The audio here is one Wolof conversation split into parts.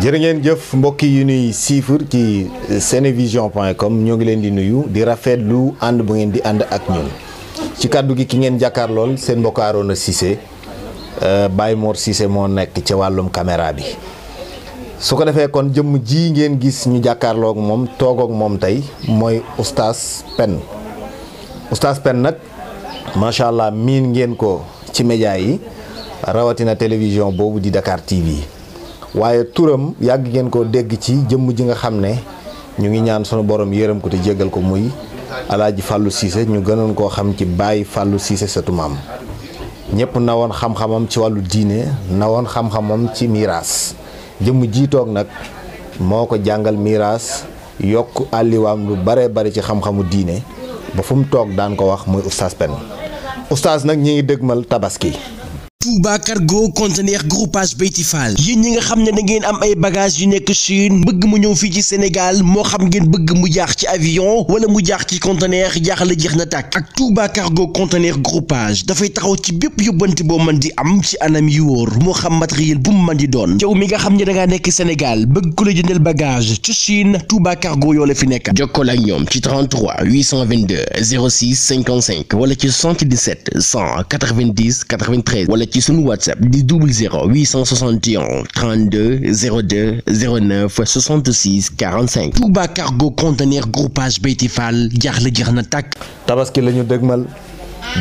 jërë Jeff jëf mbokk yi ñuy siifur ci senevision.com ñoo ngi leen di nuyu di rafetlu and bu ngeen di and ak ñun ci kaddu gi ki ngeen jàkkaar lool seen mbokk Arona Cissé euh, Baye Mor Cissé mo nekk ci walum caméra bi su ko defé kon jëm ji ngeen gis ñu mom togo ak mom tay moy oustaz pen oustaz Pène nag macha allah ngeen ko ci média yi rawatina télévision bobu di Dakar TV. waaye turam yàgg ngeen ko dégg ci jëmm ji nga xam ne ñu ngi ñaan sunu borom yërëm ko te jéggal ko muy alaaji fàllu siise ñu gënoon koo xam ci bàyyi fàllu siise sëtu maam ñëpp nawoon xam-xamam ci wàllu diine nawoon xam-xamam ci miiraas jëmm jii toog nag moo ko jàngal miiraas yokk àlliwaam lu bare bari ci xam-xamu diine ba fu mu toog daan ko wax muy oustaz Pène oustaz nag ñi ngi dëgmal tabaski Boubacar Cargo conteneur groupage bétifal Fall yéen ñi nga xam da ngeen am ay bagage yu nekk Chine bëgg mu ñëw fii ci Sénégal moo xam ngeen bëgg mu jaax ci avion wala mu jaax ci conteneur jaaxle jeex na tàkk ak Touba Cargo conteneur groupage fay taxaw ci bépp yóbbante boo mën di am ci anam yu wóor moo xam matériel bu mu di doon yow mi nga xam ne da ngaa nekk Sénégal bëgg la bagage ci Chine Touba Cargo yoo la fi nekk jokkool ak ñoom ci 33 822 06 55 wala ci 77 190 93 wala sur nous whatsapp du 00 861 32 02 09 66 45 Touba Cargo Conteneur groupage Bayti Fall jaaxle tabaski le ñu de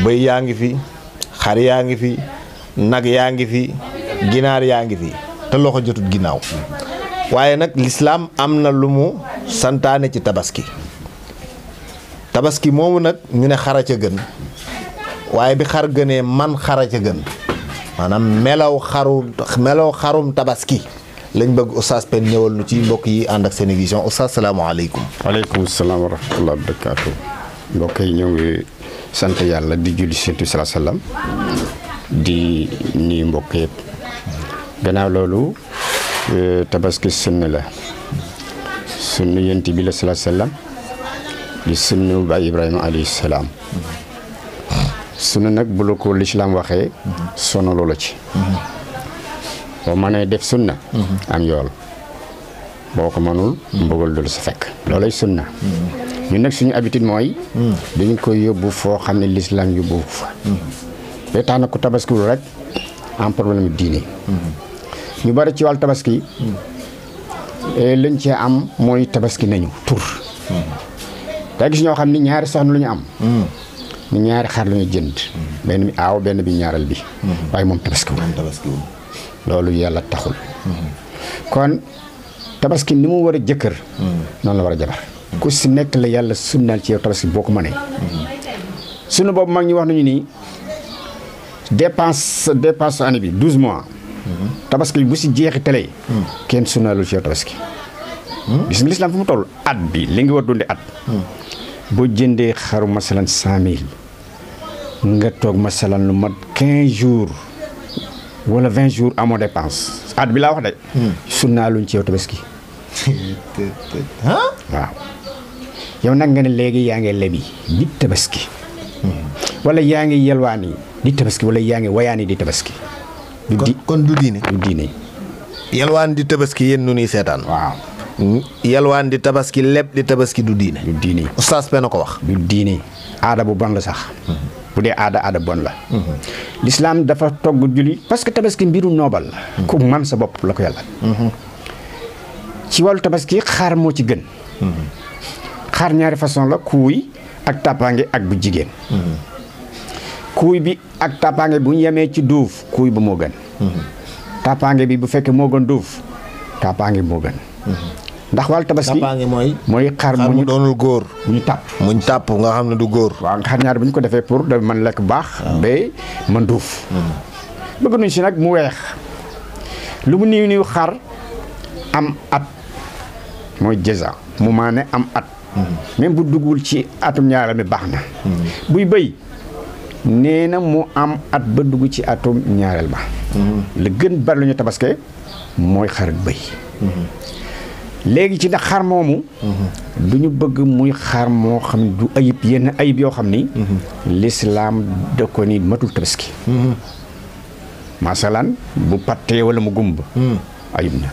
bëy yaa ngi fi xar yaa ngi fi nag l'islam amna lumu santa yaa ngi fi te tabaski tabaski moomu nina ñu ne xara man xara ca maanaam melaw melaw xarum tabaski lañ bëgg oustaz Pène ñëwal nu ci mbokk yi ànd ak seen émission oustaz salaamaaleykum. waaleykum salaam wa barakaatu mbokk yi ñoo ngi sant yàlla di julli seetu sala salaam di nuyu mbokk yëpp gannaaw loolu euh, tabaski sunna la sunna yonent bi la sala salaam di sunna ba Ibrahima alayhi salaam. sunna nag bu la ko lislaam waxee sonaloo la ci boo mënee def sunna am yool boo ko mënul mbugal dul sa fekk loolay na ñu nekk suñu habitude mooy dañu koy yóbbu foo xam ne lislaam yóbbu fa ba tax na ku tabaskiwul rek am problème diine ñu bari ci wàllu tabaski eh, lañ cee am mooy tabaski nañu tur te gis ñoo xam ni ñaari soxna lu ñu am ñu ñaari xar la ñu jënd. Mm-hmm. benn bi aaw benn bi ñaaral bi. Mm-hmm. waaye moom tabaski wu. loolu yàlla taxul. Mm-hmm. kon tabaski ni mu war a jëkkër. noonu la war a jabar. ku si nekk la yàlla sunnaal ci yow tabaski boo ko mënee. sunu boobu mag ñi wax nañu ni dépense dépense année bi douze mois. tabaski bu si jeexi télé. Mm. kenn sunnaalul ci yow tabaski. Mm. gis nga lislaam fu mu toll at bi li nga war dundee at. Mm. boo jëndee xaru masalan cent mille. nga toog masalan lu mat 15 jours wala 20 jours amoo dépense at bi la wax de hmm. sunna luñ ci yow tabaski waaw yow nak nga ne legui ya nga lebi di tabaski hmm. wala ya nga yelwani di tabaski wala ya wayani wayani di tabaski kon du diine du diine yelwaan di tabaski yen nu setan waaw di tabaski leb di tabaski du diine du diine oustaz pe nako wax du diine bu la sax hmm. bu dee aada aada bon la mhm. l'islam dafa togg julli parce que tabaski mbiru noobal la mhm. ku man sa bopp la ko yàlla mhm. ci wàllu tabaski xaar moo ci gën xaar ñaari façon la kuuy ak tàppaange ak bu jigéen kuuy bi ak tàppaange bu yemee ci duuf kuuy bu moo gën tàppaange bi bu fekkee moo gën duuf tàppaange moo gën ndax wàllu tabaski mooy. mooy xar mu doonul góor. muñ tàpp muñ tàpp nga xam ne du góor. waaw nga xam ñaar bu ñu ko defee pour da man lekk baax. waaw ah. ba man duuf. Hmm. bëgg nuñ si nag mu weex lu mu niw niw xar am at mooy jëza mu maane am at. Hmm. même bu duggul ci atum ñaara mi baax na. Hmm. buy bëy nee mu am at ba dugg ci atum ñaareel ba. la gën bari lu ñu tabaske mooy xar ak bëy. léegi ci ndax xar moomu du ñu bëgg muy xar moo xam ne du ayib yenn ayib yoo xam ni lislaam da ko ni matul tabaski masalan bu pattee wala mu gumba ayib na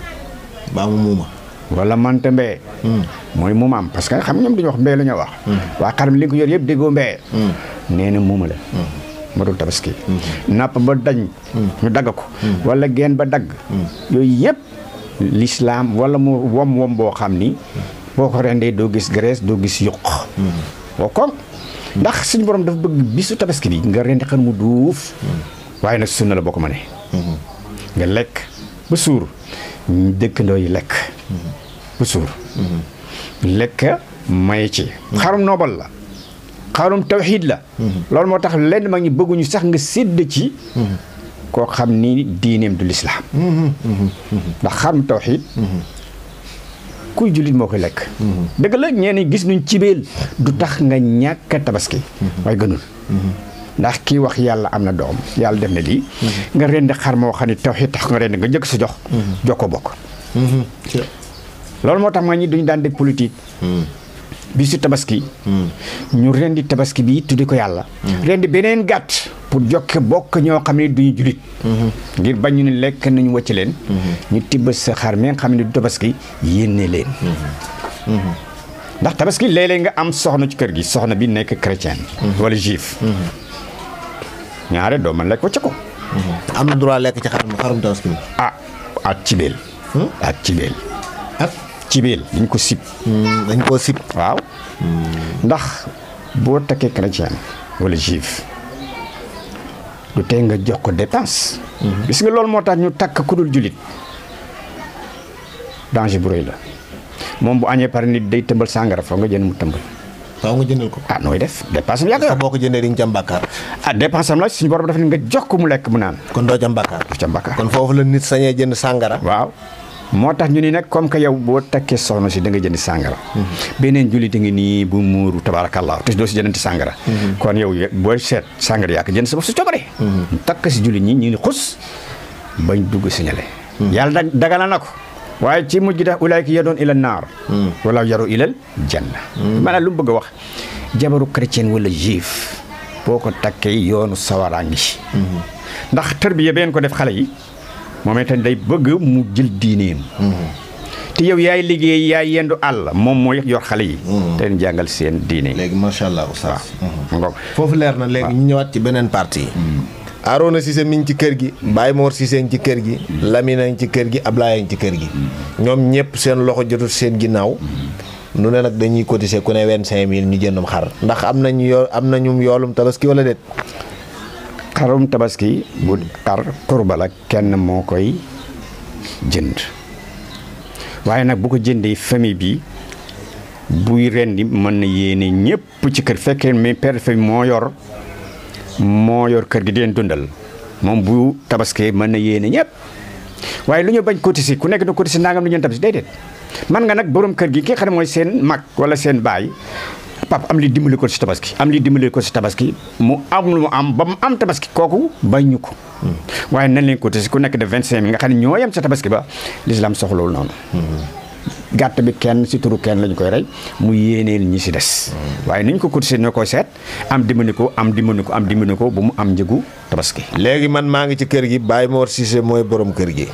baa mu muuma wala mante mbee mooy muumaam parce que xam ñoom dañu wax mbee la wax waa xar mi li ko yor yëpp déggoo mbee nee na muuma la matul tabaski napp ba dañ ñu dagg ko wala geen ba dagg yooyu yëpp lislaam wala mu wom wom boo xam ni boo ko rendee doo gis garees doo gis yuq boo mm-hmm. ko ndax suñu boroom dafa bëgg bisu tabaski bi nga rendi xar mu duuf mm-hmm. waaye nag sunna la boo ko mënee mm-hmm. nga lekk bu suur dëkkandoo yi lekk ba suur lekk may ci xarum noobal la xarum tawxiid la loolu moo tax lenn mag ñi bëgguñu sax nga sédd ci koo xam ni diineem du lislaam ndax xarmu tawxiid kuy jullit moo koy lekk dëgg la ñeen gis nuñ cibeel du tax nga ñàkk tabaski waaye gënul ndax kii wax yàlla am na doom yàlla def na lii nga rendi xar moo xam ne tawxiid tax nga rendi nga njëkk sa jox jox ko bokk loolu moo tax ma ñi duñu daan dégg politique bi su tabaski ñu rendi tabaski bi tudde ko yàlla rendi beneen gàtt pour jokke bokk ñoo xam ne duñu julit ngir bañ ñu lekk nañu wacc leen ñu tibb sa xar mi xam ne du tabaski yénne leen ndax tabaski léeg nga am soxna ci kër gi soxna bi nekk chrétien wala juif ñaare doo mën lekk wacc ko am na droit lekk ci xarum xarum tabaski ah ak cibeel hmm? ak cibeel ak cibeel dañ ko sib hmm, dañ koo sib waaw hmm. ndax boo takkee chrétien wala juif du tee nga jox ko dépense mhm. gis nga lool motax ñu tak ku dul julit danger bu reuy la mom bu agné par nit day teumbal sangara fa nga jënd mu teumbal fa nga jëndal ko ah noy def dépense am yàgg boko ko jëndee di nga jam bàkkaar ah dépense am la suñu borom dafa nga jox ko mu lek mu naan kon do jam bakkar jam bakkar kon fofu la nit sañé jënd sangara waaw motax ñu ni nak comme que yow bo takké soxna ci da nga jënd sangara mhm. benen julit nga ni bu muuru tabarakallah te do ci jëndante sangara mhm. kon yow bo set sangara yaa jënd sa bopp su tobaré takk si jullit ñi ñu ngi xus bañ dugg signalé yàlla dagala na ko waaye ci mujj def ya doon ilal naar walla yaru ilal janna maanaam lu mu bëgg a wax jabaru chrétien wala juif boo ko takkee yoonu sawaraa ngi ndax tërbiya been ko def xale yi moom itam day bëgg mu jël diineem te yow yaay liggéey yaay yendu àll moom mooy yor xale yi. Mm-hmm. te leen jàngal seen diine. léegi macha allah oustaz. Mm-hmm. foofu leer na léegi ñu ñëwaat ci beneen partie. Mm-hmm. Arona Cissé mi ngi ci kër gi Baye Mor Cissé ngi ci kër gi Lamine ngi ci kër gi Ablaye ngi ci kër gi ñoom ñëpp seen loxo jotut seen ginnaaw nu ne nag dañuy cotiser ku ne vingt-cinq mille ñu jëndum xar ndax am nañu yoo am nañu yoolum tabaski wala déet xarum tabaski bu xar kurba kenn moo koy jënd waaye nag bu ko jëndee famille bi buy rendi mën na yéene ñëpp ci kër fekkee mais père de moo yor moo yor kër gi di dundal moom bu tabaskee mën na yéene ñëpp waaye lu ñu bañ cotiser ku nekk na cotiser nangam lu ñu tabasi déedéet man nga nag boroom kër gi ki nga mooy seen mag wala seen baay pap am li dimbali ko ci tabaski am li dimbali ko si tabaski mu am lu mu am ba mu am tabaski kooku bañ ñu ko hmm. waaye nañ leen ko te ku nekk de vingt cinq mille nga xam ne ñoo yem sa tabaski ba l'islam soxlawul noonu hmm. gàtt bi kenn si turu kenn lañ koy rey mu yéeneel ñi si des hmm. waaye niñ ko cotisé ñoo koy seet am dimbali ko am dimbali ko am dimbali ko bu mu am njëgu tabaski léegi man maa ngi ci kër gi Baye Mor Cissé mooy borom kër gi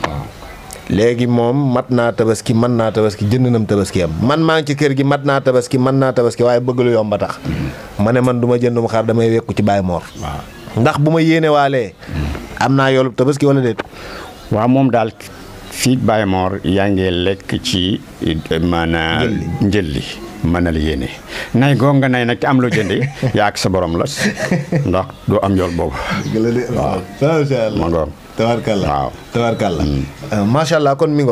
léegi moom mat naa tabaski mën naa tabaski jënd nam tabaski am man maa ngi ci kër gi mat naa tabaski mën naa tabaski waaye bëgg lu yomb tax mm-hmm. ma ne man duma ma jëndum xar damay wekku ci Baye Mor ndax bu ma yéene waalee mm-hmm. am naa yoolu tabaski wala déet waa moom daal fii baay Mor yaa ngi lekk ci maanaa njëlli mënal yéene nay goo nga nay nag te am loo jëndee yaa ak sa borom la ndax doo am yool boobu waaw tabarkalla waaw tabarkalla mm. euh, macha allah kon mi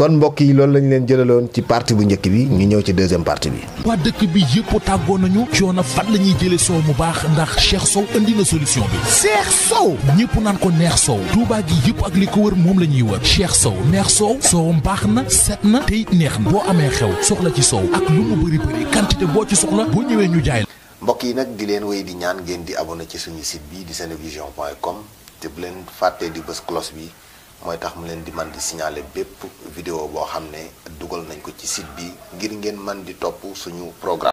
kon mbokk yi loolu lañu leen jëlaloon ci partie bu njëkk bi ñu ñëw ci deuxième parti bi waa dëkk bi yëpp tàggoo nañu coono fan la ñuy jële soow mu baax ndax Cheikh Sow indi na solution bi Cheikh Sow ñëpp naan ko neex soow Touba gi yëpp ak li ko wër moom la ñuy wër Cheikh Sow neex soow soowam baax na set na tey neex na boo amee xew soxla ci soow ak lu mu bëri bëri quantité boo ci soxla boo ñëwee ñu jaay mbokk yi nag di leen wéy di ñaan ngeen di abonné ci suñu site bi di senevision.com te bu leen fàttee di bés cloche bi mooy tax mu leen di man di signaler bépp vidéo boo xam ne dugal nañ ko ci site bi ngir ngeen man di topp suñu programme